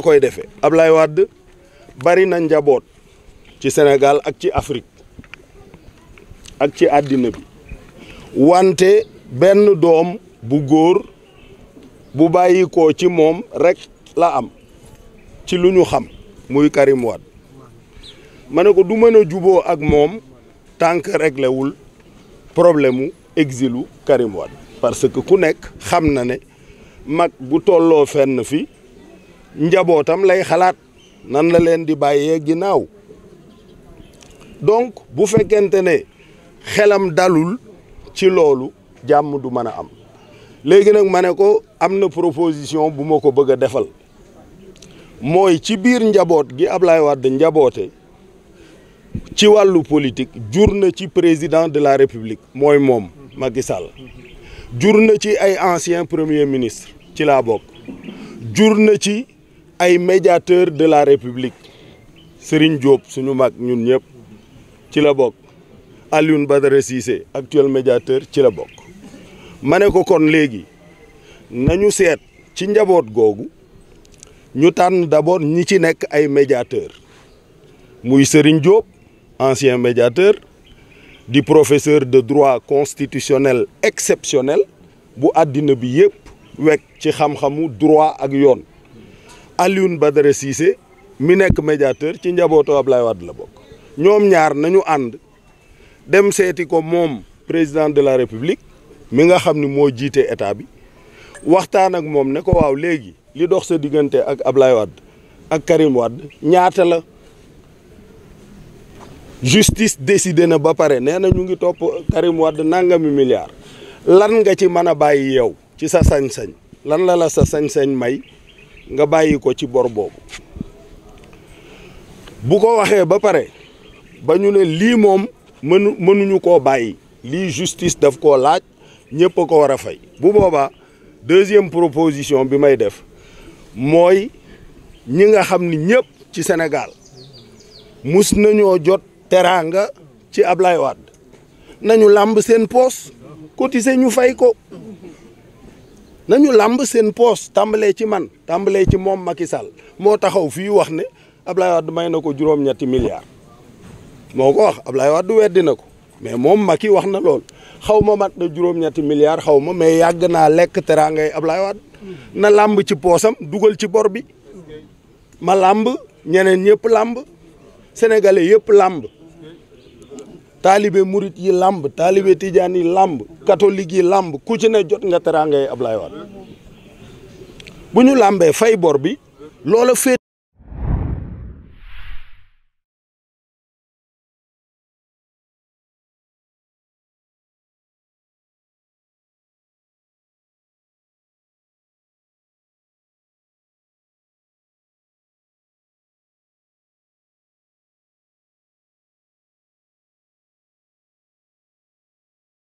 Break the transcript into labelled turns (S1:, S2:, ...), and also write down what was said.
S1: la koy defee Ablaye Wade bari na njaboot ci Sénégal ak ci Afrique ak ci àddina bi wante benn doom bu góor bu bàyyi ko ci moom rek la am ci lu ñu xam muy Karim Wade ne ko du mën a juboo ak moom tànk que réglé problème mu exilu Karim parce que ku nekk xam na ne mag bu tolloo fenn fi njabootam lay xalaat nan la leen di bàyyee ginnaaw donc bu fekkente ne xelam dalul ci loolu jàmm du mën a am léegi nag ma ne ko am na proposition bu ma ko bëgg a defal mooy ci biir njaboot gi Ablaye Wade njaboote ci wàllu politique jur na ci président de la république mooy moom ma Sall jur na ci ay ancien premier ministre ci laa bokk jur na ci ay médiateurs de la république Serigne Diop suñu mag ñun ñëpp ci la bokk Alioune Badara Cissé actuel médiateur ci la bokk ma ne ko kon léegi nañu seet ci njaboot googu ñu tànn d'abord ñi ci nekk ay médiateur muy Serigne Diop ancien médiateur di professeur de droit constitutionnel exceptionnel bu àddina bi yëpp wekk ci xamxamu droit ak yoon Alioune Badara Cissé mi nekk médiateur ci ab lay Wade la bokk ñoom ñaar nañu ànd dem seeti ko moom président de la république mi nga xam ni moo jiite état bi waxtaan ak moom ne ko waaw léegi li dox sa diggante ak Ablaye Wade ak Karim Wade ñaata la justice décidé na ba pare nee na ñu ngi topp Karim Wade nangami milliard lan nga ci mën a bàyyi yow ci sa sañ-sañ lan la la sa sañ-sañ may nga bàyyi ko ci bor boobu bu ko waxee ba pare ba ñu ne lii moom mënu mënuñu koo bàyyi lii justice daf ko laaj ñëpp a ko war a fay bu boobaa deuxième proposition bi may def mooy ñi nga xam ni ñëpp ci Sénégal mus nañoo jot teraanga ci Ablaye Wade nañu làmb seen poos cotiser ñu fay ko nañu làmb seen poos tàmbalee ci man tàmbalee ci moom Macky Sall moo taxaw fii wax ne Ablaye Wade may na ko juróom-ñetti milliards moo ko wax Ablaye Wade weddi na ko mais moom Macky wax na lool xaw ma mat na juróom-ñetti milliards xaw ma mais yàgg naa lekk teraangay Ablaye Wade na làmb ci poosam dugal ci bor bi ma làmb ñeneen ñëpp làmb sénégalais yëpp làmb taalibe murit yi làmb taalibe tijaan yi làmb catholique yi làmb ku jot nga teraangay Ablaye Wade bu ñu làmbee fay bor bi loola féet